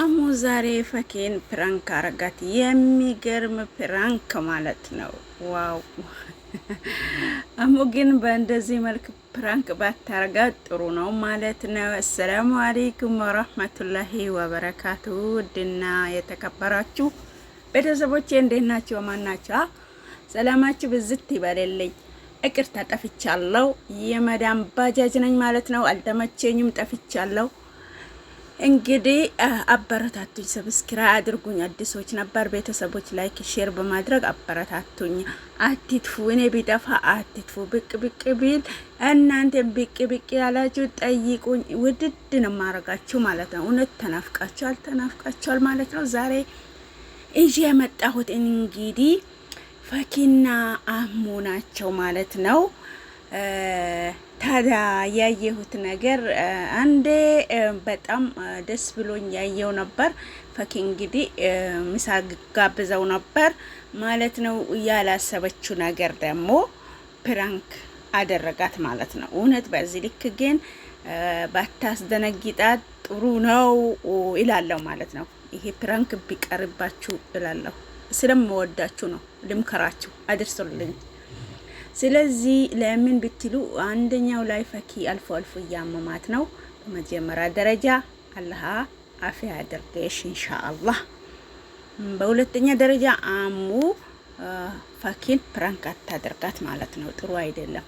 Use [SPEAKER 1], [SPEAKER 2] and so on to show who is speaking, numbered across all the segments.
[SPEAKER 1] አሙ ዛሬ ፈኬን ፕራንክ አረጋት። የሚገርም ፕራንክ ማለት ነው። ዋው አሞ ግን በእንደዚህ መልክ ፕራንክ ባታረጋ ጥሩ ነው ማለት ነው። አሰላሙ አሌይኩም ወራህመቱላሂ ወበረካቱ። ውድና የተከበራችሁ ቤተሰቦቼ እንዴት ናቸው? ማናቸዋ ሰላማችሁ ብዝት ይበልልኝ። ይቅርታ ጠፍቻለሁ። የመዳም ባጃጅ ነኝ ማለት ነው። አልተመቼኝም፣ ጠፍቻለሁ እንግዲህ አበረታቱኝ፣ ሰብስክራይብ አድርጉኝ። አዲሶች ነበር ቤተሰቦች ላይክ ሼር በማድረግ አበረታቱኝ። አትጥፉ፣ እኔ ቢጠፋ አትጥፉ። ብቅ ብቅ ቢል እናንተ ብቅ ብቅ ያላችሁ ጠይቁኝ። ውድድ ነው ማረጋችሁ ማለት ነው። እውነት ተናፍቃችኋል፣ ተናፍቃችኋል ማለት ነው። ዛሬ ይዤ የመጣሁት እንግዲህ ፈኪና አህሙ ናቸው ማለት ነው። ታዲያ ያየሁት ነገር አንዴ በጣም ደስ ብሎኝ ያየው ነበር። ፈኪ እንግዲህ ምሳ ጋብዘው ነበር ማለት ነው። ያላሰበችው ነገር ደግሞ ፕራንክ አደረጋት ማለት ነው። እውነት በዚህ ልክ ግን ባታስደነግጣት ጥሩ ነው ይላለሁ ማለት ነው። ይሄ ፕራንክ ቢቀርባችሁ ይላለሁ። ስለምወዳችሁ ነው ልምከራችሁ። አድርሶልኝ ስለዚህ ለምን ብትሉ አንደኛው ላይ ፈኪ አልፎ አልፎ እያመማት ነው። በመጀመሪያ ደረጃ አላህ አፍ ያድርግሽ ኢንሻአላህ። በሁለተኛ ደረጃ አሙ ፈኪን ፕራንክ አታደርጋት ማለት ነው። ጥሩ አይደለም።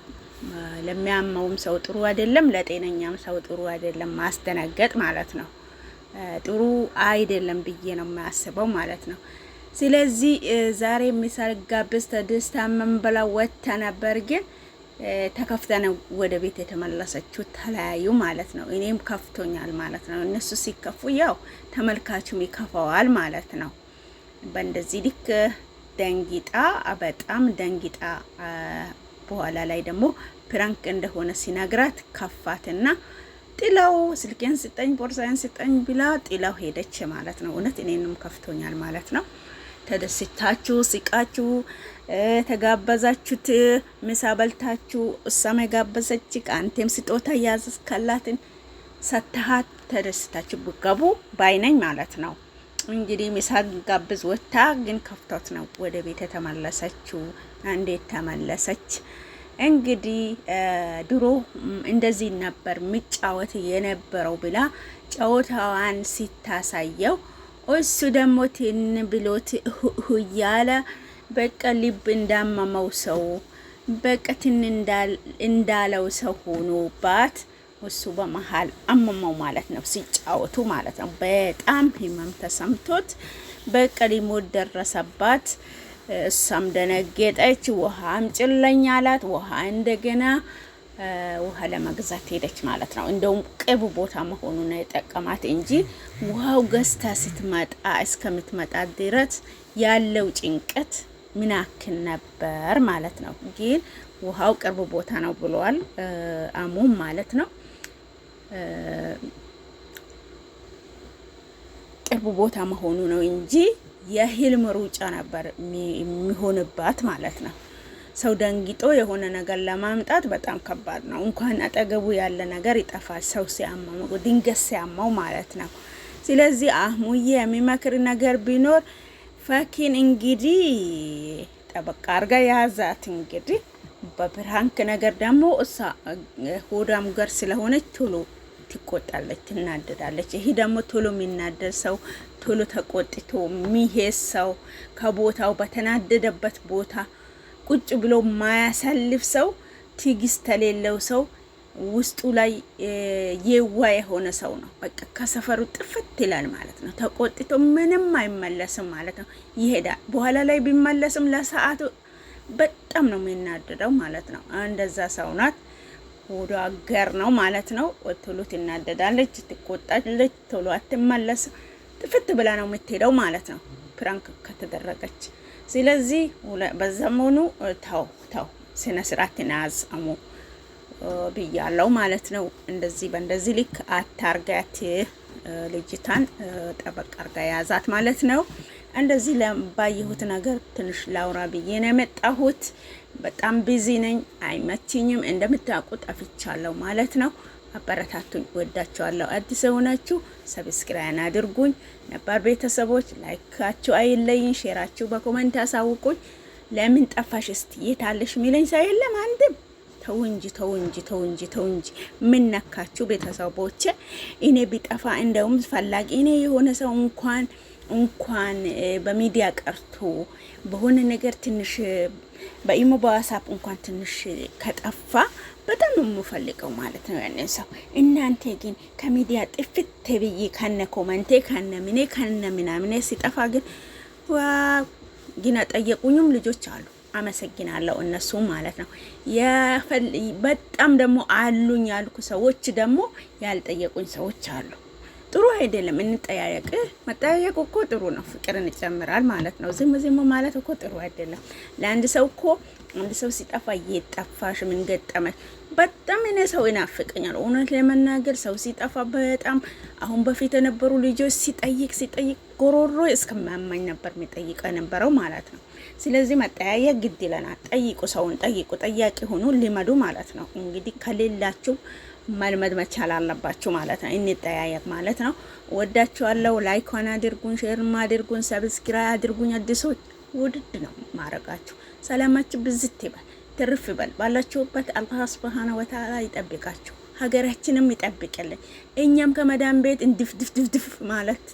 [SPEAKER 1] ለሚያመውም ሰው ጥሩ አይደለም፣ ለጤነኛም ሰው ጥሩ አይደለም። ማስደነገጥ ማለት ነው ጥሩ አይደለም ብዬ ነው የማያስበው ማለት ነው። ስለዚህ ዛሬ የሚሰርጋብስ ተደስታ መንበላ ወጥታ ነበር፣ ግን ተከፍተነ ወደ ቤት የተመለሰችው ተለያዩ ማለት ነው። እኔም ከፍቶኛል ማለት ነው። እነሱ ሲከፉ ያው ተመልካቹም ይከፋዋል ማለት ነው። በእንደዚህ ልክ ደንጊጣ በጣም ደንጊጣ፣ በኋላ ላይ ደግሞ ፕራንክ እንደሆነ ሲነግራት ከፋትና ጥላው ስልኬን ስጠኝ ቦርሳዬን ስጠኝ ብላ ጥላው ሄደች ማለት ነው። እውነት እኔንም ከፍቶኛል ማለት ነው። ተደስታችሁ ሲቃችሁ ተጋበዛችሁት ምሳ በልታችሁ እሷም የጋበዘች አንቴም ስጦታ ያዘዝካላትን ሰተሃት ተደስታችሁ ብገቡ ባይነኝ ማለት ነው። እንግዲህ ምሳ ጋብዝ ወታ ግን ከፍቶት ነው ወደ ቤት የተመለሰችው። እንዴት ተመለሰች? እንግዲህ ድሮ እንደዚህ ነበር ምጫወት የነበረው ብላ ጨዋታዋን ሲታሳየው እሱ ደግሞ ቴን ብሎት ሁያለ በቃ ልብ እንዳመመው ሰው በቃ ትን እንዳለው ሰው ሆኖባት እሱ በመሀል አመመው ማለት ነው። ሲጫወቱ ማለት ነው። በጣም ህመም ተሰምቶት በቃ ሊሞት ደረሰባት። እሷም ደነገጠች። ውሃ አምጪልኝ አላት። ውሃ እንደገና ውሃ ለመግዛት ሄደች ማለት ነው። እንደውም ቅርብ ቦታ መሆኑን የጠቀማት እንጂ ውሃው ገዝታ ስትመጣ እስከምትመጣ ድረስ ያለው ጭንቀት ምን ነበር ማለት ነው። ግን ውሃው ቅርብ ቦታ ነው ብለዋል አሙም ማለት ነው። ቅርብ ቦታ መሆኑ ነው እንጂ የህልም ሩጫ ነበር የሚሆንባት ማለት ነው። ሰው ደንግጦ የሆነ ነገር ለማምጣት በጣም ከባድ ነው። እንኳን አጠገቡ ያለ ነገር ይጠፋል፣ ሰው ሲያማ ድንገት ሲያማው ማለት ነው። ስለዚህ አህሙዬ የሚመክር ነገር ቢኖር ፈኪን እንግዲህ ጠበቃ አርጋ የያዛት እንግዲህ በብርሃንክ ነገር ደግሞ እሷ ሆዳም ገር ስለሆነች ቶሎ ትቆጣለች፣ ትናደዳለች። ይሄ ደግሞ ቶሎ የሚናደድ ሰው ቶሎ ተቆጥቶ የሚሄድ ሰው ከቦታው በተናደደበት ቦታ ቁጭ ብሎ ማያሳልፍ ሰው ትዕግስት ተሌለው ሰው ውስጡ ላይ የዋ የሆነ ሰው ነው። በቃ ከሰፈሩ ጥፍት ይላል ማለት ነው። ተቆጥቶ ምንም አይመለስም ማለት ነው። ይሄዳል። በኋላ ላይ ቢመለስም ለሰዓቱ በጣም ነው የሚናደደው ማለት ነው። እንደዛ ሰው ናት። ወደ አገር ነው ማለት ነው። ቶሎ ትናደዳለች፣ ትቆጣለች፣ ቶሎ አትመለስም። ጥፍት ብላ ነው የምትሄደው ማለት ነው። ፕራንክ ከተደረገች። ስለዚህ በዘመኑ ተው ተው ስነ ስርዓት ናያዝ አሙ ብያለው ማለት ነው። እንደዚህ በእንደዚህ ልክ አታርጋት ልጅታን ጠበቅ አርጋ የያዛት ማለት ነው። እንደዚህ ባየሁት ነገር ትንሽ ላውራ ብዬ ነው የመጣሁት። በጣም ቢዚ ነኝ፣ አይመችኝም። እንደምታውቁት ጠፍቻለሁ ማለት ነው። አበረታቱኝ። ወዳችኋለሁ። አዲስ የሆናችሁ ሰብስክራይን አድርጉኝ። ነባር ቤተሰቦች ላይካችሁ አይለይኝ፣ ሼራችሁ በኮመንት አሳውቁኝ። ለምን ጠፋሽ እስቲ የታለሽ የሚለኝ ሰው የለም አንድም። ተው እንጂ ተው እንጂ ተው እንጂ ተው እንጂ ምን ነካችሁ ቤተሰቦች? እኔ ቢጠፋ እንደውም ፈላጊ እኔ የሆነ ሰው እንኳን እንኳን በሚዲያ ቀርቶ በሆነ ነገር ትንሽ በኢሞ በዋሳፕ እንኳን ትንሽ ከጠፋ በጣም ነው የምፈልገው ማለት ነው ያንን ሰው። እናንተ ግን ከሚዲያ ጥፍት ተብዬ ከነ ኮመንቴ ከነ ምኔ ከነ ምናምኔ ሲጠፋ ግን ግና ጠየቁኝም ልጆች አሉ። አመሰግናለሁ እነሱ ማለት ነው። በጣም ደግሞ አሉኝ ያልኩ ሰዎች ደግሞ ያልጠየቁኝ ሰዎች አሉ። ጥሩ አይደለም። እንጠያየቅ። መጠያየቅ እኮ ጥሩ ነው፣ ፍቅርን ይጨምራል ማለት ነው። ዝም ዝም ማለት እኮ ጥሩ አይደለም። ለአንድ ሰው እኮ አንድ ሰው ሲጠፋ እየጠፋሽ ምን ገጠመሽ? በጣም እኔ ሰው ይናፍቀኛል፣ እውነት ለመናገር ሰው ሲጠፋ በጣም አሁን በፊት የነበሩ ልጆች ሲጠይቅ ሲጠይቅ ጎሮሮ እስከማያማኝ ነበር የሚጠይቀው የነበረው ማለት ነው። ስለዚህ መጠያየቅ ግድ ይለናል። ጠይቁ፣ ሰውን ጠይቁ፣ ጠያቂ ሆኑ፣ ልመዱ ማለት ነው። እንግዲህ ከሌላችሁ መልመድ መቻል አለባችሁ ማለት ነው። እንጠያየቅ ማለት ነው። ወዳችኋለሁ። ላይኳን አድርጉን፣ ሼርም አድርጉን፣ ሰብስክራይ አድርጉኝ። አዲሶች ውድድ ነው ማረጋችሁ። ሰላማችሁ ብዝት ይበል፣ ትርፍ ይበል። ባላችሁበት አላህ ስብሃነ ወተዓላ ይጠብቃችሁ፣ ሀገራችንም ይጠብቅልን። እኛም ከመዳን ቤት እንድፍድፍድፍድፍ ማለት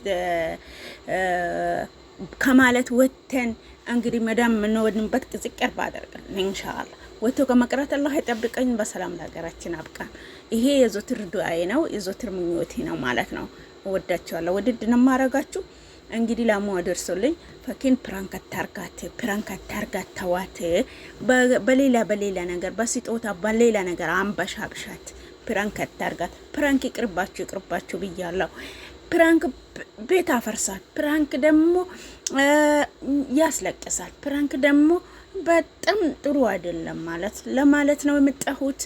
[SPEAKER 1] ከማለት ወተን እንግዲህ መዳም የምንወድንበት ቅጽቅር ባደርግልን ኢንሻአላህ ወጥቶ ከመቅረት አላህ ይጠብቀኝ፣ በሰላም ለሀገራችን አብቃን። ይሄ የዞትር ዱአዬ ነው፣ የዞትር ምኞቴ ነው ማለት ነው። ወዳቸዋለሁ፣ ውድድ ነው ማረጋችሁ። እንግዲህ ላሙ አደርሶልኝ ፈኪን ፕራንክ አታርጋት፣ ፕራንክ አታርጋት፣ ተዋት። በሌላ በሌላ ነገር በስጦታ በሌላ ነገር አንበሻብሻት። ፕራንክ አታርጋት። ፕራንክ ይቅርባችሁ፣ ይቅርባችሁ ብያለሁ። ፕራንክ ቤት አፈርሳል። ፕራንክ ደግሞ ያስለቅሳል። ፕራንክ ደግሞ በጣም ጥሩ አይደለም ማለት ለማለት ነው የምጠሁት።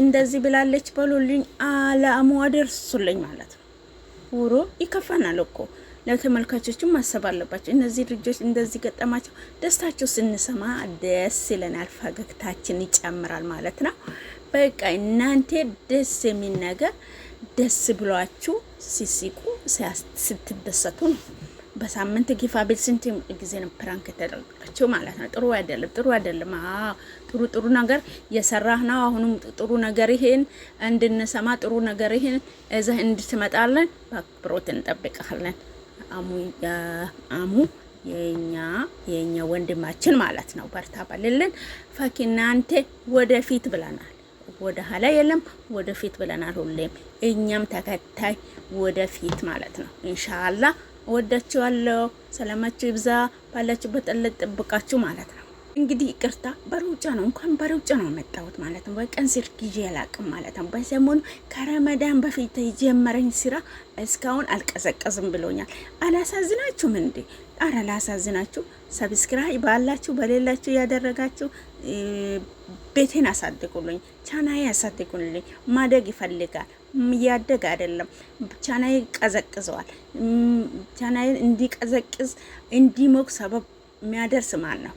[SPEAKER 1] እንደዚህ ብላለች በሉልኝ፣ አላሙ አደርሱልኝ ማለት ነው። ውሮ ይከፋናል እኮ ለተመልካቾችም ማሰብ አለባቸው። እነዚህ ልጆች እንደዚህ ገጠማቸው፣ ደስታቸው ስንሰማ ደስ ይለናል፣ ፈገግታችን ይጨምራል ማለት ነው። በቃ እናንተ ደስ የሚል ነገር ደስ ብሏችሁ ሲስቁ፣ ስትደሰቱ ነው በሳምንት ጊፋ ቤት ስንት ጊዜ ነው ፕራንክ የተደረገችው ማለት ነው። ጥሩ አይደለም፣ ጥሩ አይደለም። ጥሩ ጥሩ ነገር የሰራህ ነው። አሁንም ጥሩ ነገር ይህን እንድንሰማ ጥሩ ነገር ይህን እዚህ እንድትመጣለን በአክብሮት እንጠብቅሃለን። አሙ የኛ የኛ ወንድማችን ማለት ነው። በርታ በልልን። ፈኪ እናንተ ወደፊት ብለናል ወደ ኋላ የለም፣ ወደፊት ብለናል ሁሌም። እኛም ተከታይ ወደፊት ማለት ነው ኢንሻአላህ አለው ሰላማችሁ ይብዛ። ባላችሁ ጠለት ጥብቃችሁ ማለት ነው። እንግዲህ ይቅርታ በሩጫ ነው እንኳን በሩጫ ነው መጣሁት ማለት ነው። በቀን ስልክ ይዤ አላቅም ማለት ነው። በሰሞኑ ከረመዳን በፊት የጀመረኝ ስራ እስካሁን አልቀዘቀዝም ብሎኛል። አላሳዝናችሁም እንዴ? ጣር አላሳዝናችሁ። ሰብስክራይ ባላችሁ በሌላችሁ ያደረጋችሁ ቤቴን አሳድጉልኝ፣ ቻናዬ አሳድጉልኝ። ማደግ ይፈልጋል እያደገ አይደለም። ቻናይ ቀዘቅዘዋል። ቻናይ እንዲቀዘቅዝ እንዲሞቅ ሰበብ የሚያደርስ ማን ነው?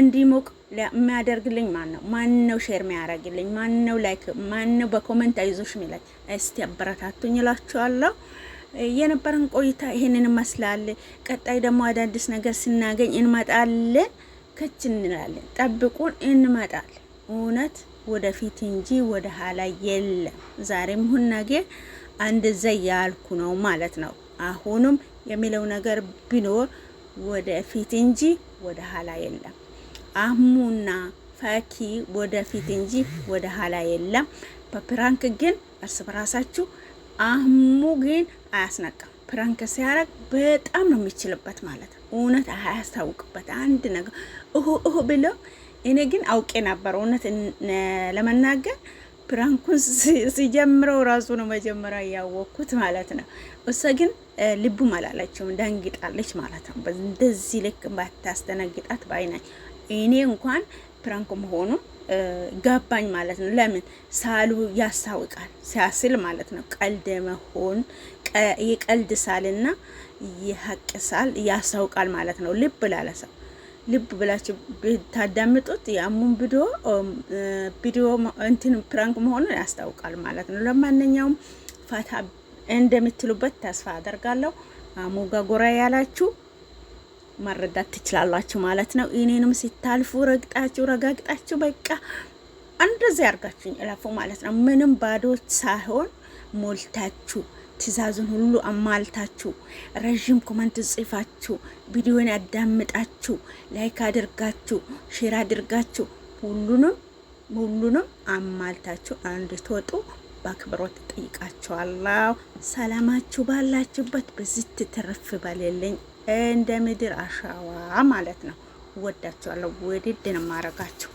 [SPEAKER 1] እንዲሞቅ የሚያደርግልኝ ማን ነው? ማን ነው ሼር የሚያደርግልኝ? ማን ነው ላይክ? ማን ነው በኮመንት አይዞሽ የሚለኝ? እስቲ አበረታቱኝ እላችኋለሁ። የነበረን ቆይታ ይሄንን ይመስላል። ቀጣይ ደግሞ አዳዲስ ነገር ስናገኝ እንመጣለን። ከች እንላለን። ጠብቁን፣ እንመጣለን እውነት ወደፊት እንጂ ወደ ኋላ የለም። ዛሬም ሁን ነገ አንድ ያልኩ ነው ማለት ነው። አሁንም የሚለው ነገር ቢኖር ወደፊት እንጂ ወደ ኋላ የለም። አህሙና ፈኪ ወደፊት እንጂ ወደ ኋላ የለም። በፕራንክ ግን እርስ በራሳችሁ አህሙ ግን አያስነቃም። ፕራንክ ሲያረግ በጣም ነው የሚችልበት ማለት ነው። እውነት አያስታውቅበት አንድ ነገር እሁ እሁ ብለው እኔ ግን አውቄ ነበር እውነት ለመናገር ፕራንኩን ሲጀምረው ራሱ ነው መጀመሪያ እያወቅኩት ማለት ነው። እሷ ግን ልቡ አላለችውም ደንግጣለች ማለት ነው። እንደዚህ ልክ ባታስተነግጣት ባይናኝ እኔ እንኳን ፕራንኩ መሆኑ ገባኝ ማለት ነው። ለምን ሳሉ ያስታውቃል ሲያስል ማለት ነው። ቀልድ መሆን የቀልድ ሳልና የሀቅ ሳል ያስታውቃል ማለት ነው። ልብ ላለ ሰው ልብ ብላችሁ ታዳምጡት። የአሙን ቪዲዮ ቪዲዮ እንትን ፕራንክ መሆኑን ያስታውቃል ማለት ነው። ለማንኛውም ፋታ እንደምትሉበት ተስፋ አደርጋለሁ። አሙ ጎራ ያላችሁ መረዳት ትችላላችሁ ማለት ነው። እኔንም ሲታልፉ ረግጣችሁ ረጋግጣችሁ በቃ እንደዚህ ያርጋችሁኝ እለፉ ማለት ነው። ምንም ባዶች ሳይሆን ሞልታችሁ ትእዛዙን ሁሉ አማልታችሁ ረዥም ኮመንት ጽፋችሁ ቪዲዮን ያዳምጣችሁ ላይክ አድርጋችሁ ሼር አድርጋችሁ ሁሉንም ሁሉንም አሟልታችሁ እንድትወጡ በአክብሮት ጠይቃችኋለሁ። ሰላማችሁ ባላችሁበት በዚህ ትርፍ በሌለኝ እንደ ምድር አሸዋ ማለት ነው። ወዳችኋለሁ። ወድድ ነው ማረጋችሁ።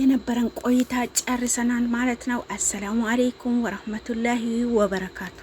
[SPEAKER 1] የነበረን ቆይታ ጨርሰናል ማለት ነው። አሰላሙ አሌይኩም ወረህመቱላሂ ወበረካቱ